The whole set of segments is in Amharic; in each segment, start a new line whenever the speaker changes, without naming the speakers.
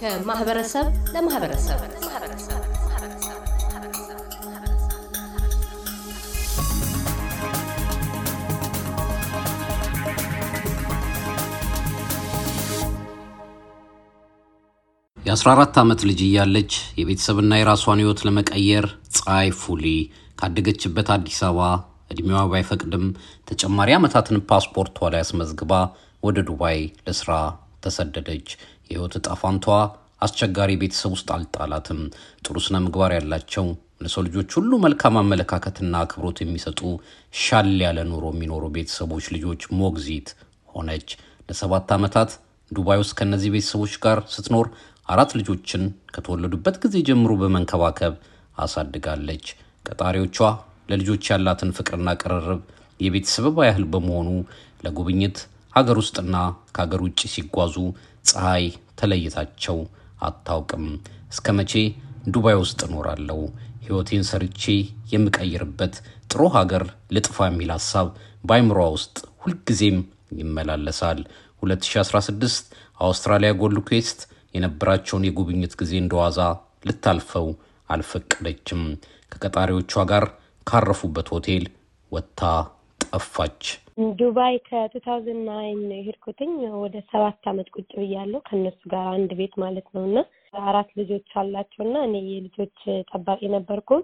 ከማህበረሰብ ለማህበረሰብ
የ14 ዓመት ልጅ እያለች የቤተሰብና የራሷን ሕይወት ለመቀየር ፀሐይ ፉሊ ካደገችበት አዲስ አበባ እድሜዋ ባይፈቅድም ተጨማሪ ዓመታትን ፓስፖርቷ ላይ አስመዝግባ ወደ ዱባይ ለስራ ተሰደደች። የህይወት ጣፋንቷ አስቸጋሪ ቤተሰብ ውስጥ አልጣላትም። ጥሩ ስነ ምግባር ያላቸው ለሰው ልጆች ሁሉ መልካም አመለካከትና አክብሮት የሚሰጡ ሻል ያለ ኑሮ የሚኖሩ ቤተሰቦች ልጆች ሞግዚት ሆነች። ለሰባት ዓመታት ዱባይ ውስጥ ከእነዚህ ቤተሰቦች ጋር ስትኖር አራት ልጆችን ከተወለዱበት ጊዜ ጀምሮ በመንከባከብ አሳድጋለች። ቀጣሪዎቿ ለልጆች ያላትን ፍቅርና ቅርርብ የቤተሰብ ያህል በመሆኑ ለጉብኝት ሀገር ውስጥና ከሀገር ውጭ ሲጓዙ ፀሐይ ተለይታቸው አታውቅም። እስከ መቼ ዱባይ ውስጥ እኖራለሁ? ሕይወቴን ሰርቼ የምቀይርበት ጥሩ ሀገር ልጥፋ የሚል ሀሳብ በአይምሯ ውስጥ ሁልጊዜም ይመላለሳል። 2016 አውስትራሊያ ጎልድ የነበራቸውን የጉብኝት ጊዜ እንደዋዛ ልታልፈው አልፈቀደችም። ከቀጣሪዎቿ ጋር ካረፉበት ሆቴል ወጥታ ጠፋች።
ዱባይ ከቱታውዝንድ ናይን ሄድኩትኝ ወደ ሰባት አመት ቁጭ ብያለሁ ከእነሱ ጋር አንድ ቤት ማለት ነው እና አራት ልጆች አላቸው እና እኔ የልጆች ጠባቂ ነበርኩኝ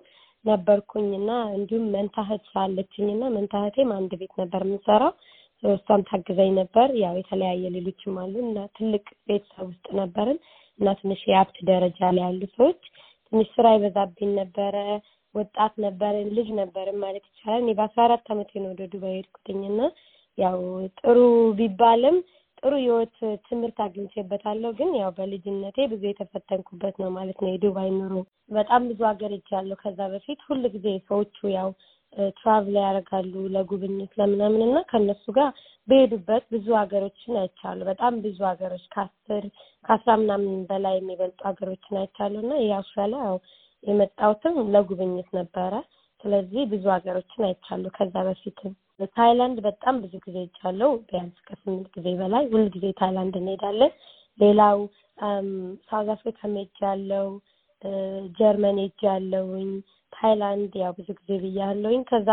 ነበርኩኝ እና እንዲሁም መንታህት አለችኝ እና መንታህቴም አንድ ቤት ነበር የምንሰራው እሷም ታግዘኝ ነበር። ያው የተለያየ ሌሎችም አሉ እና ትልቅ ቤተሰብ ውስጥ ነበርን እና ትንሽ የሀብት ደረጃ ላይ ያሉ ሰዎች ትንሽ ስራ ይበዛብኝ ነበረ። ወጣት ነበርን፣ ልጅ ነበርን ማለት ይቻላል። እኔ በአስራ አራት አመቴ ነው ወደ ዱባይ ሄድኩትኝ ና ያው ጥሩ ቢባልም ጥሩ የህይወት ትምህርት አግኝቼበታለሁ። ግን ያው በልጅነቴ ብዙ የተፈተንኩበት ነው ማለት ነው የዱባይ ኑሮ። በጣም ብዙ ሀገር ሄጃለሁ ከዛ በፊት ሁሉ ጊዜ ሰዎቹ ያው ትራቭል ያደርጋሉ ለጉብኝት ለምናምን እና ከእነሱ ጋር በሄዱበት ብዙ ሀገሮችን አይቻሉ። በጣም ብዙ ሀገሮች ከአስር ከአስራ ምናምን በላይ የሚበልጡ ሀገሮችን አይቻሉ እና ይህ ያው የመጣሁትም ለጉብኝት ነበረ። ስለዚህ ብዙ ሀገሮችን አይቻለሁ። ከዛ በፊትም ታይላንድ በጣም ብዙ ጊዜ ይቻለው፣ ቢያንስ ከስምንት ጊዜ በላይ ሁል ጊዜ ታይላንድ እንሄዳለን። ሌላው ሳውዝ አፍሪካ ሜጅ ያለው ጀርመን ሄጅ ያለውኝ ታይላንድ ያው ብዙ ጊዜ ብያለሁኝ። ከዛ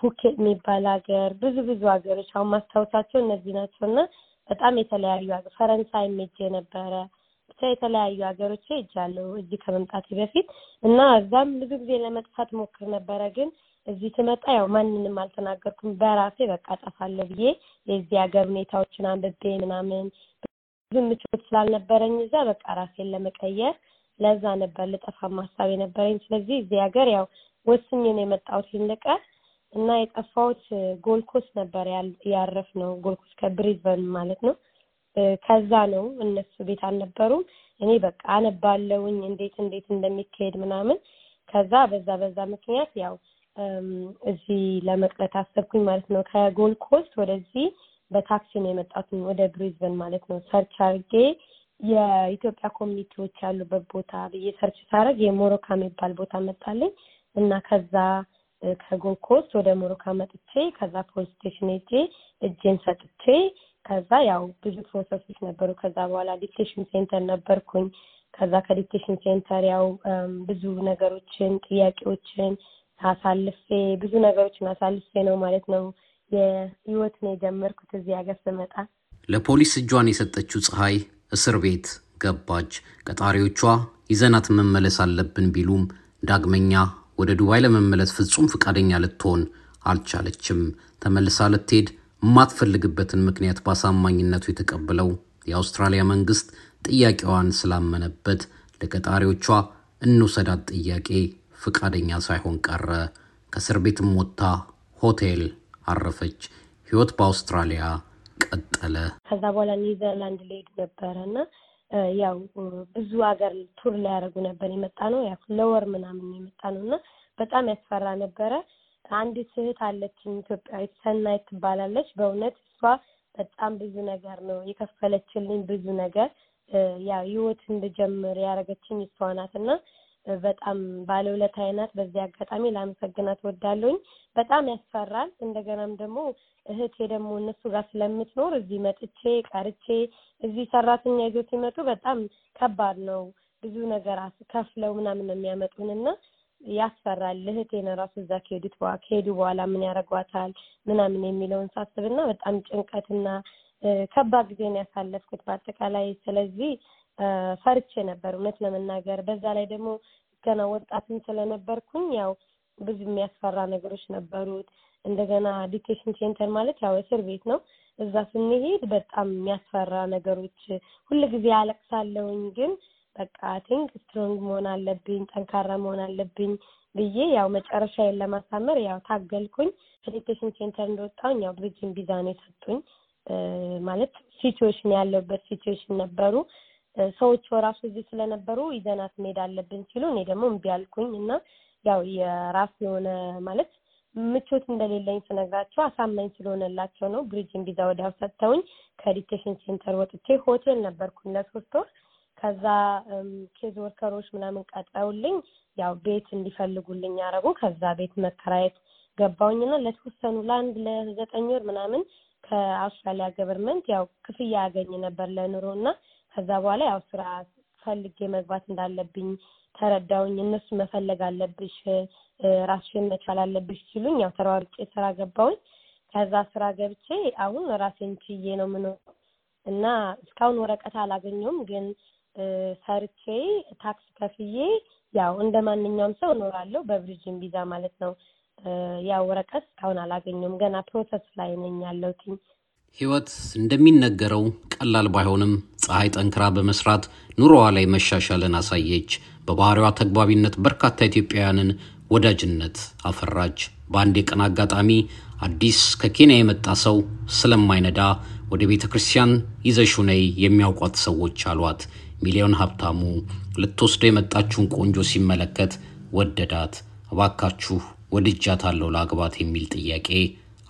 ፑኬት የሚባል ሀገር ብዙ ብዙ ሀገሮች አሁን ማስታወሳቸው እነዚህ ናቸው እና በጣም የተለያዩ ፈረንሳይ ሜጅ ነበረ። ብቻ የተለያዩ ሀገሮች ሄጃለሁ እዚህ ከመምጣቴ በፊት እና እዛም ብዙ ጊዜ ለመጥፋት ሞክር ነበረ ግን እዚህ ስመጣ ያው ማንንም አልተናገርኩም። በራሴ በቃ ጠፋለሁ ብዬ የዚህ ሀገር ሁኔታዎችን አንብቤ ምናምን ብዙ ምቾት ስላልነበረኝ እዛ በቃ ራሴን ለመቀየር ለዛ ነበር ልጠፋም ማሳብ የነበረኝ። ስለዚህ እዚህ ሀገር ያው ወስኜ ነው የመጣሁት ልቀር እና የጠፋሁት ጎልኮስ ነበር ያረፍ ነው ጎልኮስ ከብሪዝበን ማለት ነው። ከዛ ነው እነሱ ቤት አልነበሩም። እኔ በቃ አነባለውኝ እንዴት እንዴት እንደሚካሄድ ምናምን። ከዛ በዛ በዛ ምክንያት ያው እዚህ ለመቅረት አሰብኩኝ ማለት ነው። ከጎል ኮስት ወደዚህ በታክሲ ነው የመጣትኝ ወደ ብሪዝበን ማለት ነው። ሰርች አርጌ የኢትዮጵያ ኮሚኒቲዎች ያሉበት ቦታ ብዬ ሰርች ሳረግ የሞሮካ የሚባል ቦታ መጣልኝ እና ከዛ ከጎል ኮስት ወደ ሞሮካ መጥቼ ከዛ ፖሊስ ስቴሽን ሄጄ እጄን ሰጥቼ ከዛ ያው ብዙ ፕሮሰሶች ነበሩ። ከዛ በኋላ ዲክቴሽን ሴንተር ነበርኩኝ። ከዛ ከዲክቴሽን ሴንተር ያው ብዙ ነገሮችን ጥያቄዎችን አሳልፌ ብዙ ነገሮችን አሳልፌ ነው ማለት ነው የህይወት ነው የጀመርኩት እዚህ ሀገር ስመጣ።
ለፖሊስ እጇን የሰጠችው ፀሐይ እስር ቤት ገባች። ቀጣሪዎቿ ይዘናት መመለስ አለብን ቢሉም ዳግመኛ ወደ ዱባይ ለመመለስ ፍጹም ፈቃደኛ ልትሆን አልቻለችም። ተመልሳ ልትሄድ የማትፈልግበትን ምክንያት በአሳማኝነቱ የተቀበለው የአውስትራሊያ መንግስት ጥያቄዋን ስላመነበት ለቀጣሪዎቿ እንውሰዳት ጥያቄ ፍቃደኛ ሳይሆን ቀረ። ከእስር ቤትም ወጥታ ሆቴል አረፈች። ህይወት በአውስትራሊያ
ቀጠለ። ከዛ በኋላ ኒዘርላንድ ሊሄዱ ነበረ እና ያው ብዙ ሀገር ቱር ሊያደርጉ ነበር የመጣ ነው። ያው ለወር ምናምን የመጣ ነው እና በጣም ያስፈራ ነበረ። አንዲት እህት አለችኝ ኢትዮጵያዊት ሰናይት ትባላለች። በእውነት እሷ በጣም ብዙ ነገር ነው የከፈለችልኝ ብዙ ነገር ያው ህይወት እንድጀምር ያደረገችኝ እሷ ናት እና በጣም ባለውለታዬ አይነት በዚህ አጋጣሚ ላመሰግናት ወዳለሁኝ። በጣም ያስፈራል። እንደገናም ደግሞ እህቴ ደግሞ እነሱ ጋር ስለምትኖር እዚህ መጥቼ ቀርቼ እዚህ ሰራተኛ ይዞ ሲመጡ በጣም ከባድ ነው። ብዙ ነገር ከፍለው ምናምን ነው የሚያመጡን እና ያስፈራል። እህቴን ራሱ እዛ ከሄዱት በኋላ ከሄዱ በኋላ ምን ያደርጓታል ምናምን የሚለውን ሳስብና በጣም ጭንቀትና ከባድ ጊዜ ያሳለፍኩት በአጠቃላይ። ስለዚህ ፈርቼ ነበር እውነት ለመናገር በዛ ላይ ደግሞ ገና ወጣትን ስለነበርኩኝ ያው ብዙ የሚያስፈራ ነገሮች ነበሩት። እንደገና ዲቴሽን ሴንተር ማለት ያው እስር ቤት ነው። እዛ ስንሄድ በጣም የሚያስፈራ ነገሮች ሁልጊዜ አለቅሳለሁኝ ግን በቃ ቲንክ ስትሮንግ መሆን አለብኝ፣ ጠንካራ መሆን አለብኝ ብዬ ያው መጨረሻዬን ለማሳመር ያው ታገልኩኝ። ሪቴሽን ሴንተር እንደወጣሁኝ ያው ብሪጅን ቪዛ ነው የሰጡኝ። ማለት ሲትዌሽን ያለውበት ሲትዌሽን ነበሩ። ሰዎች ራሱ እዚህ ስለነበሩ ይዘናት መሄድ አለብን ሲሉ እኔ ደግሞ እምቢ አልኩኝ እና ያው የራሱ የሆነ ማለት ምቾት እንደሌለኝ ስነግራቸው አሳማኝ ስለሆነላቸው ነው ብሪጅን ቪዛ ወዲያው ሰጥተውኝ ከዲቴሽን ሴንተር ወጥቼ ሆቴል ነበርኩኝ ለሶስት ወር ከዛ ኬዝ ወርከሮች ምናምን ቀጠውልኝ ያው ቤት እንዲፈልጉልኝ ያረጉ ከዛ ቤት መከራየት ገባውኝና ለተወሰኑ ለአንድ ለዘጠኝ ወር ምናምን ከአውስትራሊያ ገቨርንመንት ያው ክፍያ ያገኝ ነበር ለኑሮ እና ከዛ በኋላ ያው ስራ ፈልጌ መግባት እንዳለብኝ ተረዳውኝ። እነሱ መፈለግ አለብሽ፣ ራስሽን መቻል አለብሽ ሲሉኝ ያው ተሯርጬ ስራ ገባውኝ። ከዛ ስራ ገብቼ አሁን ራሴን ችዬ ነው ምኖ እና እስካሁን ወረቀት አላገኘውም ግን ሰርቼ ታክስ ከፍዬ ያው እንደ ማንኛውም ሰው እኖራለሁ በብሪጅን ቪዛ ማለት ነው። ያው ወረቀት እስካሁን አላገኘሁም። ገና ፕሮሰስ ላይ ነኝ ያለሁትኝ።
ህይወት እንደሚነገረው ቀላል ባይሆንም ፀሐይ ጠንክራ በመስራት ኑሮዋ ላይ መሻሻልን አሳየች። በባህሪዋ ተግባቢነት በርካታ ኢትዮጵያውያንን ወዳጅነት አፈራች። በአንድ የቀን አጋጣሚ አዲስ ከኬንያ የመጣ ሰው ስለማይነዳ ወደ ቤተ ክርስቲያን ይዘሹ ነይ የሚያውቋት ሰዎች አሏት። ሚሊዮን ሀብታሙ ልትወስደው የመጣችውን ቆንጆ ሲመለከት ወደዳት። እባካችሁ ወድጃታለሁ ለአግባት የሚል ጥያቄ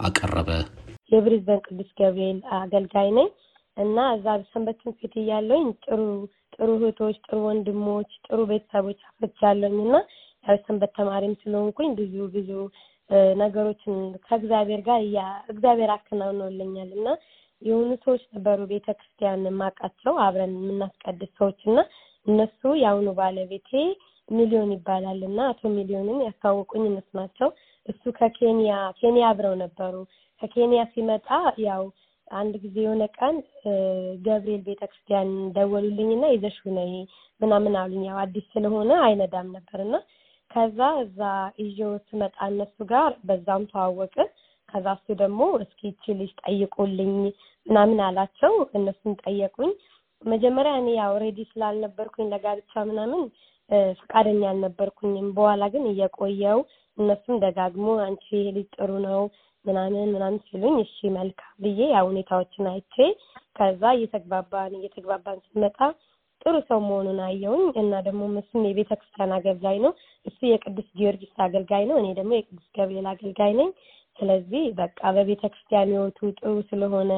አቀረበ።
የብሪዝበን ቅዱስ ገብርኤል አገልጋይ ነኝ እና እዛ ሰንበት ትምህርት ቤት እያለሁኝ ጥሩ ጥሩ እህቶች፣ ጥሩ ወንድሞች፣ ጥሩ ቤተሰቦች አፍርቻለሁኝ እና ያው ሰንበት ተማሪም ስለሆንኩኝ ብዙ ብዙ ነገሮችን ከእግዚአብሔር ጋር እግዚአብሔር አከናውነውልኛል እና የሆኑ ሰዎች ነበሩ ቤተክርስቲያን የማውቃቸው አብረን የምናስቀድስ ሰዎች እና እነሱ የአሁኑ ባለቤቴ ሚሊዮን ይባላል እና አቶ ሚሊዮንን ያስታወቁኝ እነሱ ናቸው። እሱ ከኬንያ ኬንያ አብረው ነበሩ። ከኬንያ ሲመጣ ያው አንድ ጊዜ የሆነ ቀን ገብርኤል ቤተክርስቲያን ደወሉልኝና ይዘሽው ነይ ምናምን አሉኝ። ያው አዲስ ስለሆነ አይነዳም ነበርና ከዛ እዛ ይዤው ስመጣ እነሱ ጋር በዛም ተዋወቅን። ከዛ እሱ ደግሞ እስኪ ይቺ ልጅ ጠይቁልኝ ምናምን አላቸው። እነሱን ጠየቁኝ። መጀመሪያ እኔ ያው ሬዲ ስላልነበርኩኝ ለጋብቻ ምናምን ፈቃደኛ አልነበርኩኝም። በኋላ ግን እየቆየው እነሱም ደጋግሞ አንቺ ይሄ ልጅ ጥሩ ነው ምናምን ምናምን ሲሉኝ እሺ መልካም ብዬ ያው ሁኔታዎችን አይቼ ከዛ እየተግባባን እየተግባባን ስመጣ ጥሩ ሰው መሆኑን አየውኝ እና ደግሞ እሱም የቤተ ክርስቲያን አገልጋይ ነው። እሱ የቅዱስ ጊዮርጊስ አገልጋይ ነው። እኔ ደግሞ የቅዱስ ገብርኤል አገልጋይ ነኝ። ስለዚህ በቃ በቤተ ክርስቲያን ህይወቱ ጥሩ ስለሆነ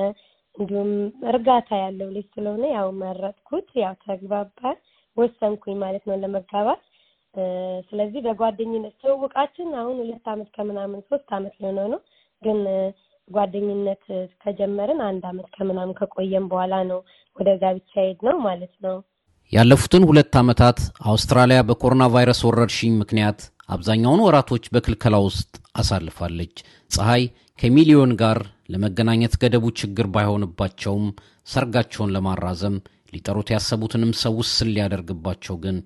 እንዲሁም እርጋታ ያለው ልጅ ስለሆነ ያው መረጥኩት። ያው ተግባባን፣ ወሰንኩኝ ማለት ነው ለመጋባት። ስለዚህ በጓደኝነት ትውውቃችን አሁን ሁለት አመት ከምናምን ሶስት አመት ሊሆነው ነው ግን ጓደኝነት ከጀመርን አንድ አመት ከምናምን ከቆየን በኋላ ነው ወደ ጋብቻ ሄድ ነው ማለት ነው።
ያለፉትን ሁለት አመታት አውስትራሊያ በኮሮና ቫይረስ ወረርሽኝ ምክንያት አብዛኛውን ወራቶች በክልከላ ውስጥ አሳልፋለች። ፀሐይ ከሚሊዮን ጋር ለመገናኘት ገደቡ ችግር ባይሆንባቸውም ሰርጋቸውን ለማራዘም ሊጠሩት ያሰቡትንም ሰው ውስን ሊያደርግባቸው ግን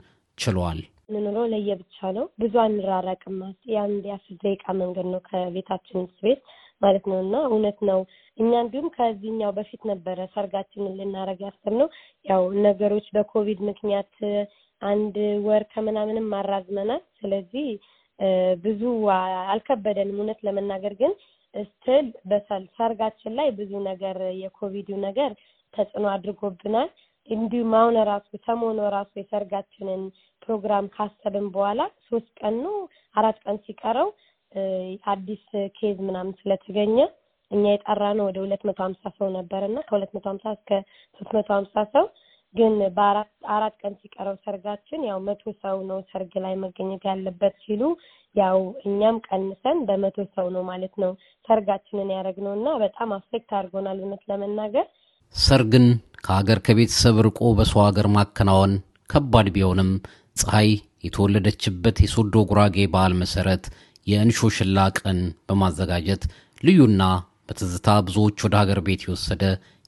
ችሏል
ምንኖረው ለየብቻ ነው። ብዙ አንራራቅም። የአንድ የአስር ደቂቃ መንገድ ነው ከቤታችን ቤት ማለት ነው። እና እውነት ነው። እኛ እንዲሁም ከዚህኛው በፊት ነበረ ሰርጋችንን ልናረግ ያሰብነው ያው ነገሮች በኮቪድ ምክንያት አንድ ወር ከምናምንም አራዝመናል። ስለዚህ ብዙ አልከበደንም። እውነት ለመናገር ግን ስትል በሰርጋችን ላይ ብዙ ነገር የኮቪዱ ነገር ተጽዕኖ አድርጎብናል። እንዲሁም አሁን ራሱ ሰሞኑ ራሱ የሰርጋችንን ፕሮግራም ካሰብን በኋላ ሶስት ቀን ነው አራት ቀን ሲቀረው አዲስ ኬዝ ምናምን ስለተገኘ እኛ የጠራ ነው ወደ ሁለት መቶ ሀምሳ ሰው ነበር እና ከሁለት መቶ ሀምሳ እስከ ሶስት መቶ ሀምሳ ሰው ግን በአራት አራት ቀን ሲቀረው ሰርጋችን ያው መቶ ሰው ነው ሰርግ ላይ መገኘት ያለበት ሲሉ ያው እኛም ቀንሰን በመቶ ሰው ነው ማለት ነው ሰርጋችንን ያደረግነው እና በጣም አፌክት አድርጎናል እውነት ለመናገር።
ሰርግን ከሀገር ከቤተሰብ ርቆ በሰው ሀገር ማከናወን ከባድ ቢሆንም ፀሐይ የተወለደችበት የሶዶ ጉራጌ በዓል መሰረት የእንሾሽላ ቀን በማዘጋጀት ልዩና በትዝታ ብዙዎች ወደ ሀገር ቤት የወሰደ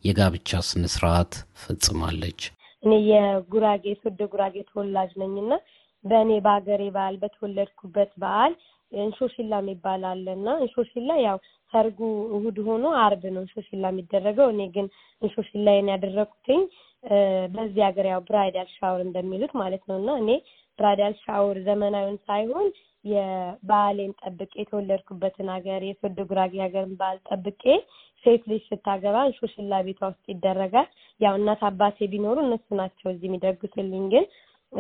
የጋብቻ ስነ ስርዓት ፈጽማለች።
እኔ የጉራጌ ሶዶ ጉራጌ ተወላጅ ነኝ እና በእኔ በሀገሬ በዓል በተወለድኩበት በዓል እንሾሽላ የሚባል አለ እና እንሾሽላ ያው ሰርጉ እሁድ ሆኖ አርብ ነው እንሾሽላ የሚደረገው። እኔ ግን እንሾሽላዬን ያደረኩትኝ በዚህ ሀገር ያው ብራይዳል ሻወር እንደሚሉት ማለት ነው እና እኔ ብራይዳል ሻወር ዘመናዊን ሳይሆን የባህሌን ጠብቄ የተወለድኩበትን ሀገር የፍርድ ጉራጌ ሀገርን ባህል ጠብቄ ሴት ልጅ ስታገባ እንሹሽላ ቤቷ ውስጥ ይደረጋል። ያው እናት አባቴ ቢኖሩ እነሱ ናቸው እዚህ የሚደግሱልኝ። ግን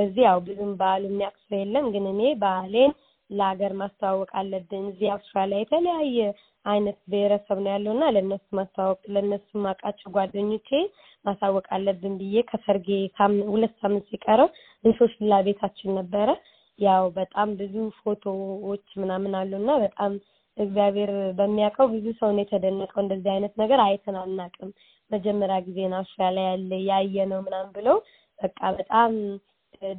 እዚህ ያው ብዙም ባህሉ የሚያቅሱ የለም። ግን እኔ ባህሌን ለሀገር ማስተዋወቅ አለብን። እዚህ አውስትራሊያ የተለያየ አይነት ብሔረሰብ ነው ያለው እና ለእነሱ ማስተዋወቅ ለእነሱ ማቃቸው ጓደኞቼ ማሳወቅ አለብን ብዬ ከሰርጌ ሁለት ሳምንት ሲቀረው እንሾሽላ ቤታችን ነበረ ያው በጣም ብዙ ፎቶዎች ምናምን አሉ እና በጣም እግዚአብሔር በሚያውቀው ብዙ ሰው ነው የተደነቀው። እንደዚህ አይነት ነገር አይተን አናውቅም። መጀመሪያ ጊዜ ነው አውስትራሊያ ያለ ያየ ነው ምናምን ብለው በቃ በጣም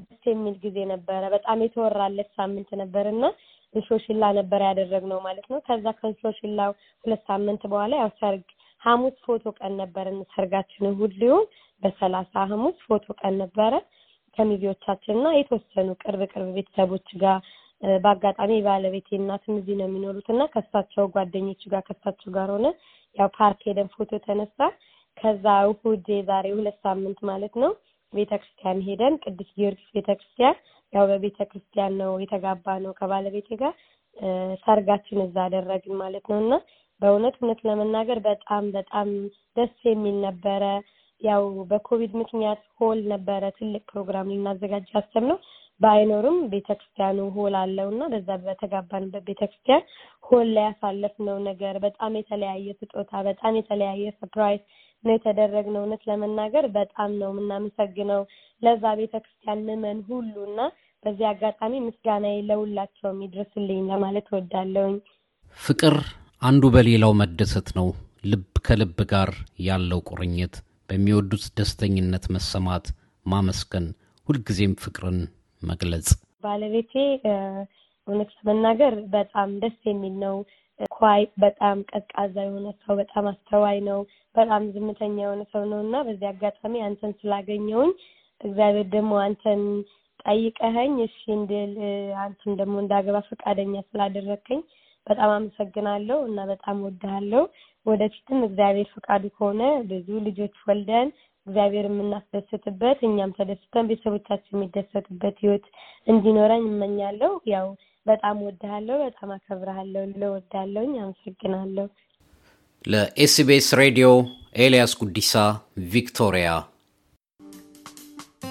ደስ የሚል ጊዜ ነበረ። በጣም የተወራለት ሳምንት ነበር እና እንሾሽላ ነበር ያደረግነው ማለት ነው። ከዛ ከእንሾሽላ ሁለት ሳምንት በኋላ ያው ሰርግ ሐሙስ ፎቶ ቀን ነበር ሰርጋችን እሑድ ሊሆን በሰላሳ ሐሙስ ፎቶ ቀን ነበረ። ከሚዜዎቻችን እና የተወሰኑ ቅርብ ቅርብ ቤተሰቦች ጋር በአጋጣሚ ባለቤቴ እናትም እዚህ ነው የሚኖሩት እና ከሳቸው ጓደኞች ጋር ከሳቸው ጋር ሆነ ያው ፓርክ ሄደን ፎቶ ተነሳ። ከዛ እሁድ ዛሬ ሁለት ሳምንት ማለት ነው ቤተክርስቲያን ሄደን ቅዱስ ጊዮርጊስ ቤተክርስቲያን ያው በቤተክርስቲያን ነው የተጋባ ነው ከባለቤቴ ጋር ሰርጋችን እዛ አደረግን ማለት ነው እና በእውነት እውነት ለመናገር በጣም በጣም ደስ የሚል ነበረ። ያው በኮቪድ ምክንያት ሆል ነበረ ትልቅ ፕሮግራም ልናዘጋጅ ነው ባይኖርም ቤተክርስቲያኑ ሆል አለው እና በዛ በተጋባንበት ቤተክርስቲያን ሆል ላይ ያሳለፍነው ነገር በጣም የተለያየ ስጦታ፣ በጣም የተለያየ ሰፕራይዝ ነው ነው እውነት ለመናገር በጣም ነው የምናመሰግነው ለዛ ቤተክርስቲያን ምዕመን ሁሉ እና በዚህ አጋጣሚ ምስጋና ለሁላቸውም ይድረስልኝ ለማለት ወዳለውኝ
ፍቅር አንዱ በሌላው መደሰት ነው። ልብ ከልብ ጋር ያለው ቁርኝት በሚወዱት ደስተኝነት መሰማት፣ ማመስገን፣ ሁልጊዜም ፍቅርን መግለጽ።
ባለቤቴ እውነት መናገር በጣም ደስ የሚል ነው። ኳይ፣ በጣም ቀዝቃዛ የሆነ ሰው፣ በጣም አስተዋይ ነው። በጣም ዝምተኛ የሆነ ሰው ነው እና በዚህ አጋጣሚ አንተን ስላገኘውኝ እግዚአብሔር ደግሞ አንተን ጠይቀኸኝ እሺ እንድል አንተም ደግሞ እንዳገባ ፈቃደኛ ስላደረግከኝ በጣም አመሰግናለሁ እና በጣም ወድሃለሁ። ወደፊትም እግዚአብሔር ፈቃዱ ከሆነ ብዙ ልጆች ወልደን እግዚአብሔር የምናስደስትበት እኛም ተደስተን ቤተሰቦቻችን የሚደሰቱበት ህይወት እንዲኖረን እመኛለሁ። ያው በጣም ወድሃለሁ፣ በጣም አከብረሃለሁ ልወዳለሁኝ። አመሰግናለሁ።
ለኤስቢኤስ ሬዲዮ ኤልያስ ጉዲሳ ቪክቶሪያ